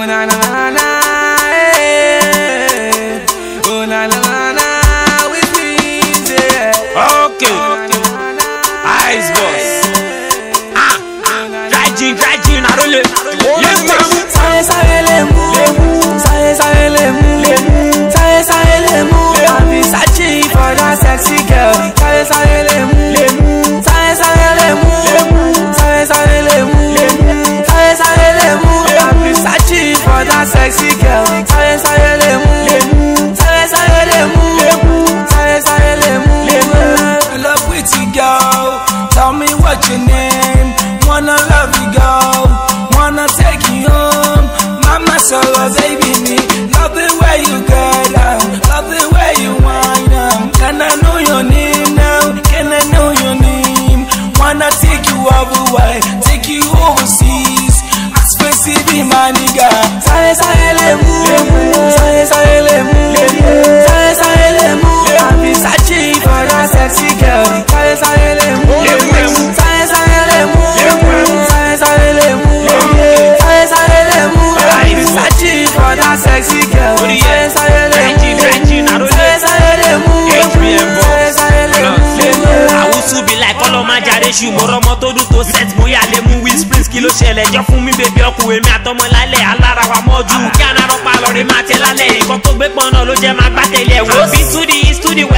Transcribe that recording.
Oh na na na na, hey. oh na na na na, we please. Yeah. Okay. Ice boss. Ah, ah. Dry gin, dry gin, I roll it. girl. You love pretty girl. Tell me what your name. Wanna love you girl. Wanna take you home. solo uh, baby me. Love the way you uh, Love the way you wind up. Um. Can I know your name now? Can I know your name? Wanna take you everywhere. Take you overseas. síbí máa nígà. sáré sáré lè mú sáré sáré lè mú sáré sáré lè mú àbí sàchì ìfọ̀rọ̀ sexy girl. sáré sáré lè mú sáré sáré lè mú sáré sáré lè mú sáré sáré lè mú àbí sàchì ìfọ̀rọ̀ sexy girl. sáré sáré lè mú sáré sáré lè mú sáré sáré lè mú. àwùsù bí láì kọ́ ló máa jáde ṣùgbọ́n ọmọ tó dùn tó set bóyá lè mú wí yes please kí ló ṣẹlẹ̀ jọ fún mi bèbí ọkùn èmi àtọmọ lálẹ́ alára wa mọ́jú kí anarọ́pàá lọ́ọ̀rẹ́ máa tẹ lálẹ́ nǹkan tó gbé pọn náà ló jẹ́ máa gbá tẹ̀lé ẹ̀wọ́. bí to the east